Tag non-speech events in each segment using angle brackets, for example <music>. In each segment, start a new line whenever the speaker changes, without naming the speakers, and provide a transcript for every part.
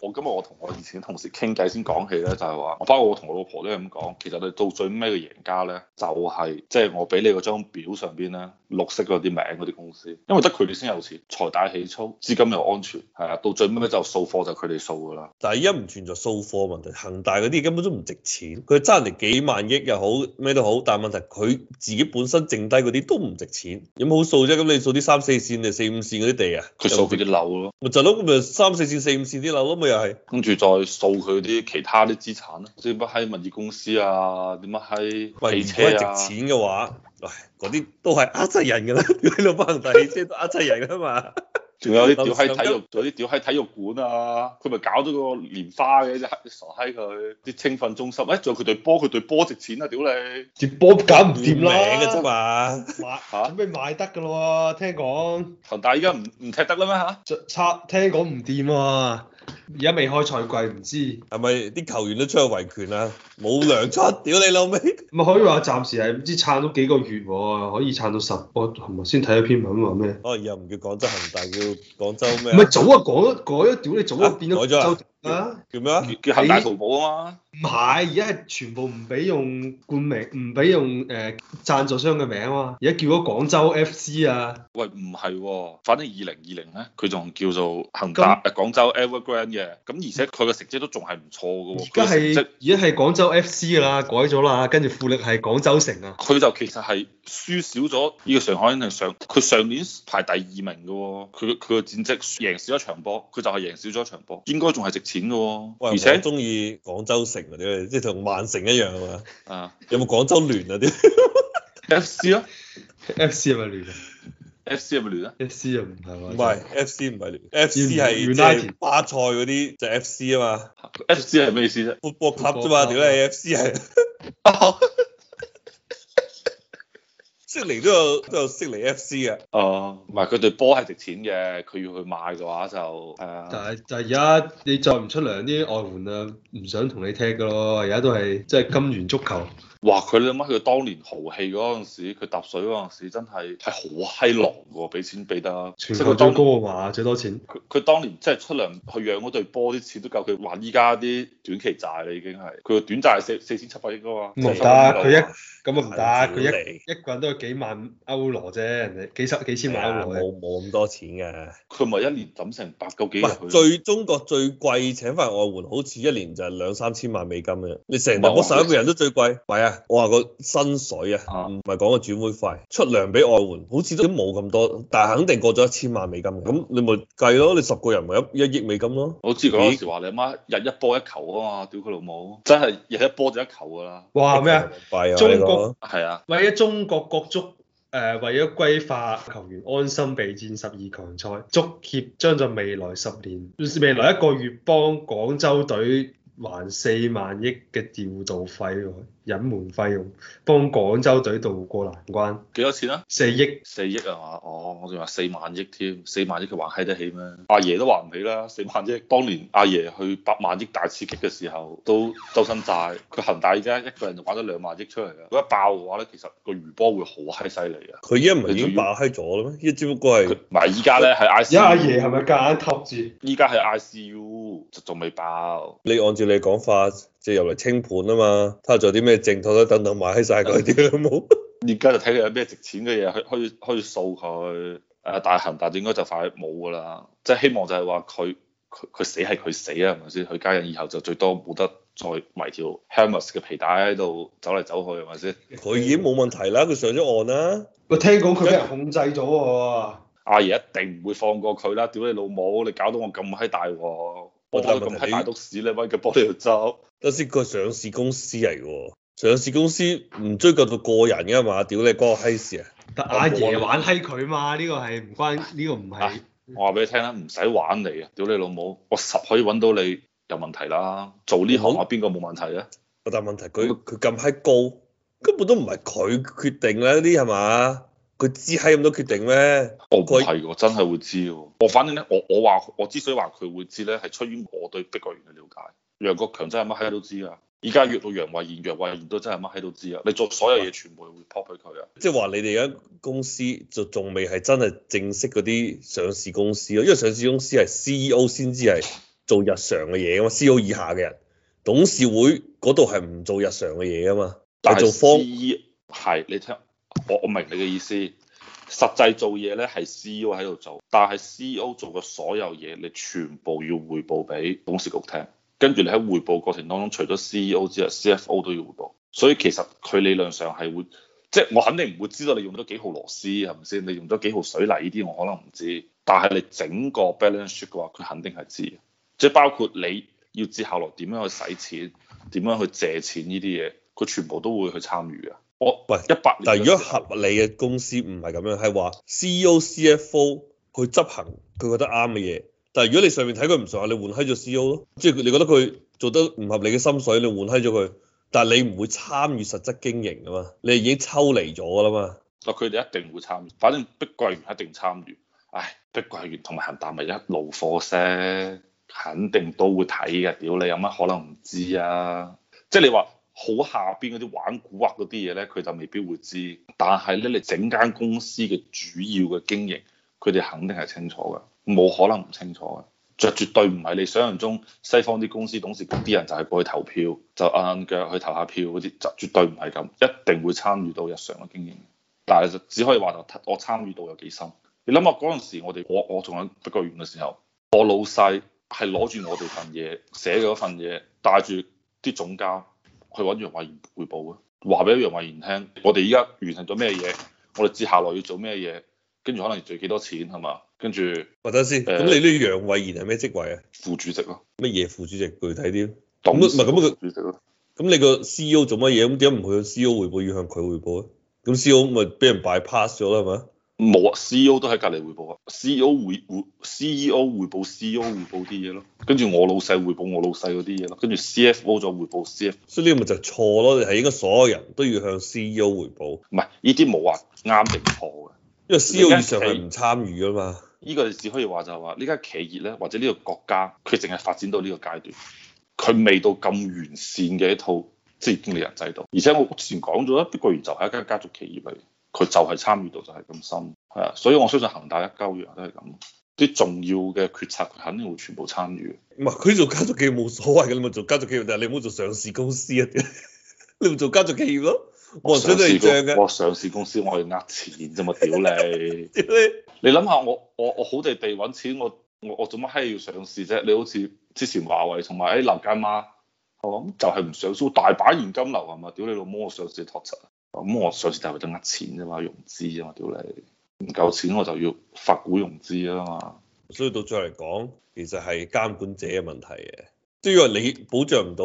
今我今日我同我以前同事傾偈先講起咧，就係話，我包括我同我老婆都係咁講，其實你到最尾嘅贏家咧，就係即係我俾你嗰張表上邊咧，綠色嗰啲名嗰啲公司，因為得佢哋先有錢，財大氣粗，資金又安全，係啊，到最尾就掃貨就佢哋掃㗎啦。
但係而家唔存在掃貨問題，恒大嗰啲根本都唔值錢，佢爭人幾萬億又好咩都好，但係問題佢自己本身剩低嗰啲都唔值、啊啊、值錢，有冇掃啫？咁你掃啲三四線定四五線嗰啲地啊？
佢掃佢啲樓咯。
咪就係咯，咪三四線四五線啲樓咯，咪。
跟住再掃佢啲其他啲資產即係乜喺物業公司啊，點乜喺汽車值錢嘅話，嗱、哎，嗰啲都係呃人嘅啦，屌 <laughs> 你老闆，大汽車都呃人噶嘛，仲 <laughs> 有啲屌喺體育，仲有啲屌喺體育館啊，佢咪、嗯、搞咗個蓮花嘅、啊，啲傻閪佢，啲青訓中心，喂、哎，仲有佢對波，佢對波值錢啊，屌你，
對波搞唔掂啦，啫嘛、啊，
買準備買得噶咯喎，聽
講恒、啊、大依家唔唔踢得啦咩嚇？拆聽講唔掂啊。而家未開賽季，唔知係咪啲球員都出去維權啊？冇糧出，屌你老味！咪 <laughs> 可以話暫時係唔知撐咗幾個月喎，可以撐到十。我同埋先睇一篇文話咩？哦，又唔叫廣州恒大，叫廣州咩？唔係，早啊，改改啊，屌你早就變咗。
啊叫咩啊，叫恒大淘寶啊嘛，唔
係而家係全部唔俾用冠名，唔俾用誒贊、呃、助商嘅名啊嘛，而家叫咗廣州 FC 啊，
喂唔係、哦，反正二零二零咧佢仲叫做恒大誒廣、嗯、州 Evergrande 嘅，咁而且佢嘅成績都仲係唔錯噶，而家係而
家係廣州 FC 啦，改咗啦，跟住富力係廣州城啊，
佢就其實係輸少咗，呢、這個上海肯上，佢上年排第二名噶、哦，佢佢嘅戰績贏少咗場波，佢就係贏少咗場波，
應該仲係直接。錢嘅喎，而且中意廣州城嗰啲，即係同曼城一樣有有啊嘛。有冇廣州聯嗰啲？F C 啊 F C 係咪聯啊？F C 係咪聯啊？F C 係咪？唔係 F C 唔係聯。F C 係巴塞嗰啲，就係 F C 啊嘛。
F C 係咩意思啫？波波塔啫嘛，點解 A F C 係？ <laughs> 悉尼都有都有悉尼 FC 嘅哦，唔係佢對波係值錢嘅，佢要去買嘅話就係啊、uh，但係
但係而家你再唔出糧，啲外援啊，唔想同你踢嘅咯，而家都係即係金元足球。
哇！佢你諗下佢當年豪氣嗰陣時，佢搭水嗰陣時真係係好閪狼噶，俾錢俾得即係裝高
嘅嘛，最多錢。
佢佢當年即係出糧去養嗰隊波啲錢都夠佢還依家啲短期債啦，已經係。佢個短債係四四千七百億啊嘛。唔得，佢一
咁啊唔得，佢一一個人都有幾萬歐羅啫，人哋幾十幾千萬歐羅、
哎。冇冇咁多錢嘅、啊。佢咪一年抌成百個幾、啊？最中國最貴請翻外援，好似一年就兩三千萬美金嘅。你成日我上一個人都最貴，我話個薪水啊，唔係講個轉會費，出糧俾外援好似都冇咁多，但係肯定過咗一千萬美金嘅，咁你咪計咯，你十個人咪一一億美金咯。我知佢有時話
你媽日一波一球啊嘛，屌佢老母！真係日一波就一球噶啦。哇咩啊？中國係、呢個、啊，
為咗中國國足，誒、呃、為咗歸化球員安心備戰十二強賽，足協將在未來十年、未來一個月幫廣州隊。還四萬億嘅調度費，隱瞞費用，幫廣州隊度過難關。
幾多錢啊？四億億，四億啊嘛。哦，我仲話四萬億添，四萬億佢還閪得起咩？阿爺都還唔起啦，四萬億。當年阿爺去八萬億大刺激嘅時候都周身債，佢恒大而家一個人就玩咗兩萬億出嚟㗎。如果爆嘅話咧，其實個餘波會好閪犀利啊。佢一唔係已經爆閪咗啦咩？一朝哥係，唔係依家咧係 i c 而家阿爺係咪加一吸住？依家係 ICU，仲
未爆。你按住。你講法即係入嚟清盤啊嘛，睇下做啲咩正統，都等等買起曬嗰啲冇，
而家就睇佢有咩值錢嘅嘢去去去掃佢。誒大恒大應該就快冇噶啦，即係希望就係話佢佢佢死係佢死啊，係咪先？佢家人以後就最多冇得再埋條 Hermes 嘅皮帶喺度走嚟走去，係咪先？佢已經冇問題啦，佢上咗岸啦。我聽講佢俾人
控制咗喎。
在阿爺一定唔會放過佢啦，屌你老母！你搞到我咁閪大鑊。我但係咁閪大篤屎，你揾佢搏都要走。
得先，佢上市公司嚟嘅，上市公司唔追究到個人噶嘛？屌你嗰個閪事啊！阿爺玩
閪佢嘛？呢、啊、個係唔關呢個唔係。我話俾你聽啦，唔使玩你啊！屌你老母，我十可以揾到你有問題啦。做呢行話邊個冇問題啊？
我但係問題佢佢咁閪高，
根本都唔係佢決定啦，呢啲係嘛？佢知閪咁多決定咩？我唔係真係會知喎。我反正咧，我我話我之所以話佢會知咧，係出於我對碧桂園嘅了解。楊國強真係乜閪都知啊！而家約到楊惠妍、楊惠妍都真係乜閪都知啊！你做所有嘢全部會 pop 俾佢啊！
即係話你哋而家公司就仲未係真係正式嗰啲上市公司咯，因為上市公司係 CEO 先至係做日常嘅嘢啊嘛，CEO 以下嘅人董事會嗰度係唔做日常嘅嘢啊嘛，
但係<是 >CEO 係你聽。我我明你嘅意思，實際做嘢呢係 CEO 喺度做，但係 CEO 做嘅所有嘢，你全部要彙報俾董事局聽。跟住你喺彙報過程當中，除咗 CEO 之外，CFO 都要彙報。所以其實佢理論上係會，即係我肯定唔會知道你用咗幾號螺絲係咪先？你用咗幾號水泥呢啲我可能唔知，但係你整個 balance sheet 嘅話，佢肯定係知。即係包括你要接下落點樣去使錢，點樣去借錢呢啲嘢，佢全部都會去參與嘅。我喂一百，但係如果合理嘅公司唔係咁樣，係話 C E O C
F O 去執行佢覺得啱嘅嘢。但係如果你上面睇佢唔上下，你換閪咗 C E O 咯，即係你覺得佢做得唔合理嘅心水，你換閪咗佢。但係你唔會參與實質經
營噶嘛？你已經抽離咗噶啦嘛。啊，佢哋一定會參與，反正碧桂園一定參與。唉，碧桂園同埋恒大咪一路貨色，肯定都會睇嘅。屌你有乜可能唔知啊？即係你話。好，下邊嗰啲玩古惑嗰啲嘢呢，佢就未必會知。但係咧，你整間公司嘅主要嘅經營，佢哋肯定係清楚嘅，冇可能唔清楚嘅。就絕對唔係你想像中西方啲公司董事局啲人就係過去投票，就硬腳去投下票嗰啲，就絕對唔係咁，一定會參與到日常嘅經營。但係就只可以話我參與到有幾深？你諗下嗰陣時我，我哋我我仲喺碧桂園嘅時候，我老細係攞住我哋份嘢寫咗份嘢，帶住啲總監。去揾楊慧賢匯報啊！話俾楊慧賢聽，我哋依家完成咗咩嘢，我哋接下來要做咩嘢，跟住可能要做幾多錢係嘛？跟住，
或者先。咁、欸、你呢楊慧賢係咩職位啊？副主席啊？乜嘢副主席？具體啲。董事。唔係咁嘅主席咯、啊。咁你個 C E O 做乜嘢？點解唔向 C E O 匯報，要向佢匯報啊？咁 C E O 咪俾人擺 pass 咗啦，係咪？冇啊，C E O 都喺隔籬
匯報啊，C E O 匯匯，C E O 匯報 C E O 匯報啲嘢咯，跟住我老細匯報我老細嗰啲嘢啦，跟住 C F O 再匯報 C F O，所以呢個咪就錯咯，你係應該所有人都要向 C E O 匯報，唔係呢啲冇話啱定錯嘅，
錯，因為 C E O 以上係
唔參與噶嘛，呢個你只可以話就係話呢間企業咧或者呢個國家，佢淨係發展到呢個階段，佢未到咁完善嘅一套職業經理人制度，而且我之前講咗啦，碧桂園就係一間家，家族企業嚟。佢就係參與度就係咁深，係啊，所以我相信恒大一鳩人都係咁，啲重要嘅決策佢肯定會全部參與。
唔係佢做家族企業冇所謂嘅，你咪做家族企業，但係你唔好做上市公司啊！ <laughs> 你唔做家族企業咯。
我想試、那個、我上市公司，我係呃錢啫嘛！屌你！ <laughs> 屌你！你諗下我我我好地地揾錢，我我我做乜閪要上市啫？你好似之前華為同埋誒劉家媽係就係、是、唔上蘇大把現金流係嘛？屌你老母！我上市托柒。咁、嗯、我上次就為咗呃錢啫嘛，融資啊嘛，屌你，唔夠錢我就要發股融資啊
嘛。所以到最後嚟講，其實係監管者嘅問題嘅，即係話你保障唔到，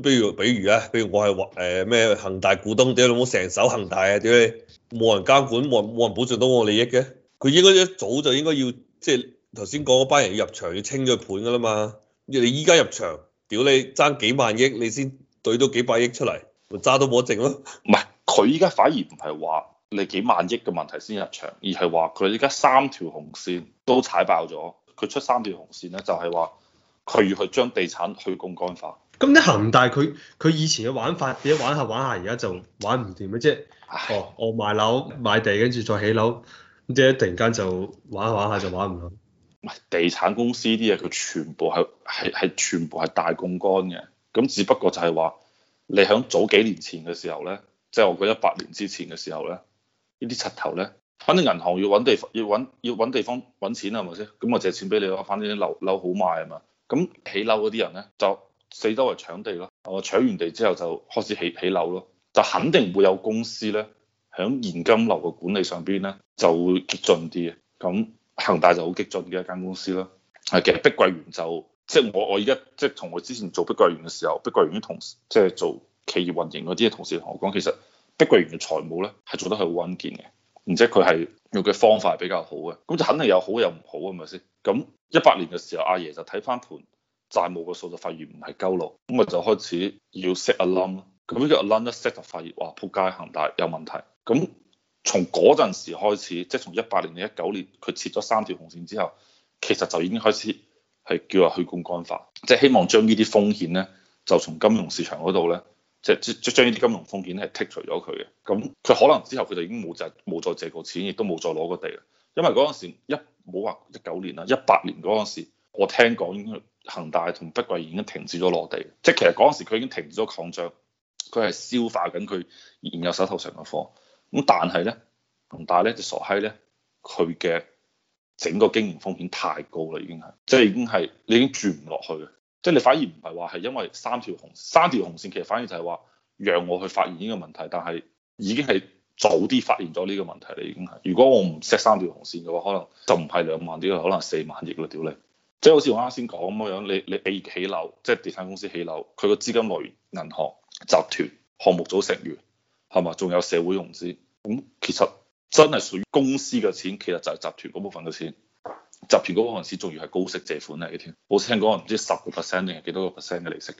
比如比如啊，比如我係誒咩恒大股東，屌你老母成手恒大啊，屌你，冇人監管，冇冇人保障到我利益嘅，佢應該一早就應該要，即係頭先講嗰班人入場要清咗盤噶啦嘛，你依家入場，屌你爭幾萬億，你先兌到幾百億出嚟，咪揸到冇得剩咯，唔係。
佢依家反而唔係話你幾萬億嘅問題先入場，而係話佢依家三條紅線都踩爆咗。佢出三條紅線咧，就係話佢要去將地產去槓桿化。
咁你恒大佢佢以前嘅玩法，你一玩下玩下而家就玩唔掂嘅，即唉哦，我賣樓賣地，跟住再起樓，咁即係突然間就玩一下玩一下就玩唔到。唔
係地產公司啲嘢，佢全部係係係全部係大槓桿嘅。咁只不過就係話你響早幾年前嘅時候咧。即係我覺得一百年之前嘅時候咧，七呢啲柒頭咧，反正銀行要揾地方，要揾要揾地方揾錢啦，係咪先？咁我借錢俾你咯，反正樓樓好賣啊嘛。咁起樓嗰啲人咧，就四周圍搶地咯。我搶完地之後就開始起起樓咯，就肯定會有公司咧，喺現金流嘅管理上邊咧就會激進啲嘅。咁恒大就好激進嘅一間公司啦。係，其實碧桂園就即係、就是、我我依家即係同我之前做碧桂園嘅時候，碧桂園同即係、就是、做。企業運營嗰啲嘅同事同我講，其實碧桂園嘅財務咧係做得係好穩健嘅，然之後佢係用嘅方法係比較好嘅，咁就肯定有好有唔好啊，咪係先？咁一八年嘅時候，阿爺，爺就睇翻盤債務嘅數就發現唔係鳩路，咁咪就開始要 set a l 阿窿咯，咁呢個阿窿一 set 就發現哇，撲街恒大有問題，咁從嗰陣時開始，即、就、係、是、從一八年到一九年，佢設咗三條紅線之後，其實就已經開始係叫話去槓桿化，即、就、係、是、希望將呢啲風險咧就從金融市場嗰度咧。即即即將呢啲金融風險咧係剔除咗佢嘅。咁佢可能之後佢就已經冇就冇再借過錢，亦都冇再攞過地啦。因為嗰陣時一冇話一九年啦，一八年嗰陣時，我聽講恒大同碧桂已經停止咗落地，即係其實嗰陣時佢已經停止咗擴張，佢係消化緊佢現有手頭上嘅貨。咁但係咧，恒大咧就傻閪咧，佢嘅整個經營風險太高啦，已經係即係已經係你已經住唔落去啦。即係你反而唔係話係因為三條紅三條紅線，紅線其實反而就係話讓我去發現呢個問題。但係已經係早啲發現咗呢個問題，你已經係。如果我唔設三條紅線嘅話，可能就唔係兩萬億可能四萬億啦，屌你！即係好似我啱先講咁嘅樣，你你起樓，即係地產公司起樓，佢個資金來源銀行集團項目組成員係嘛？仲有社會融資，咁其實真係屬於公司嘅錢，其實就係集團嗰部分嘅錢。集錢嗰個陣時，仲要係高息借款嚟嘅添，我聽講唔知十個 percent 定係幾多個 percent 嘅利息
嘅。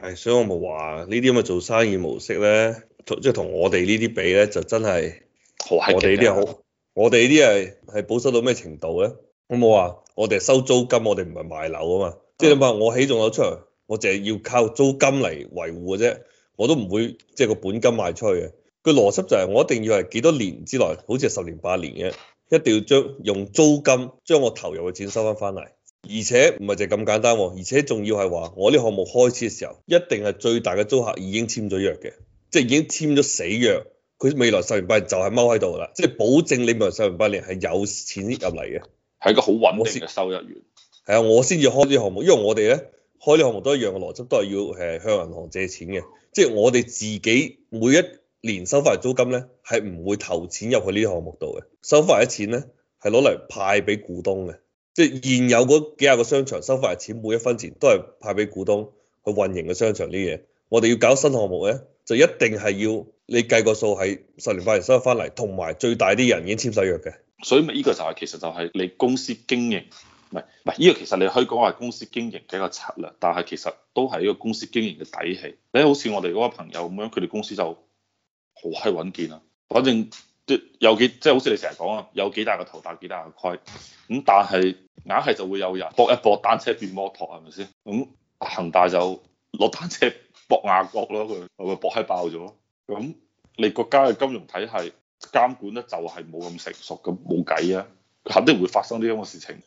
係，所以我冇話呢啲咁嘅做生意模式咧，即係同我哋呢啲比咧，就真係我哋呢啲好，我哋呢啲係係保守到咩程度咧？我冇話，我哋收租金，我哋唔係賣樓啊嘛，即係你話，我起棟樓出嚟，我淨係要靠租金嚟維護嘅啫，我都唔會即係個本金賣出去嘅。個邏輯就係，我一定要係幾多年之內，好似係十年八年嘅。一定要將用租金將我投入嘅錢收翻翻嚟，而且唔係就咁簡單啊，而且仲要係話我呢個項目開始嘅時候，一定係最大嘅租客已經簽咗約嘅，即係已經簽咗死約，佢未來十年八年就係踎喺度啦，即係保證你未來十年八年係有錢入嚟嘅，係一個好穩先嘅收入源。係啊，我先至開呢項目，因為我哋咧開呢項目都一樣嘅邏輯，都係要誒向銀行借錢嘅，即係我哋自己每一年收翻嚟租金咧，係唔會投錢入去呢啲項目度嘅。收翻嚟啲錢咧，係攞嚟派俾股東嘅。即係現有嗰幾廿個商場收翻嚟錢，每一分錢都係派俾股東去運營嘅商場啲嘢。我哋要搞新項目咧，就一定係要你計個數喺十年八年收翻嚟，同埋最大啲人已經簽曬約嘅。
所以呢依個就係、是、其實就係你公司經營，唔係唔係依個其實你可以講係公司經營嘅一個策略，但係其實都係一個公司經營嘅底氣。你好似我哋嗰個朋友咁樣，佢哋公司就。好閪穩健啊，反正啲有幾即係、就是、好似你成日講啊，有幾大個頭打幾大個虧，咁但係硬係就會有人搏一搏，單車變摩托係咪先？咁恒大就落單車搏亞冠咯，佢咪搏閪爆咗咯。咁你國家嘅金融體系監管咧就係冇咁成熟，咁冇計啊，肯定會發生呢樣嘅事情。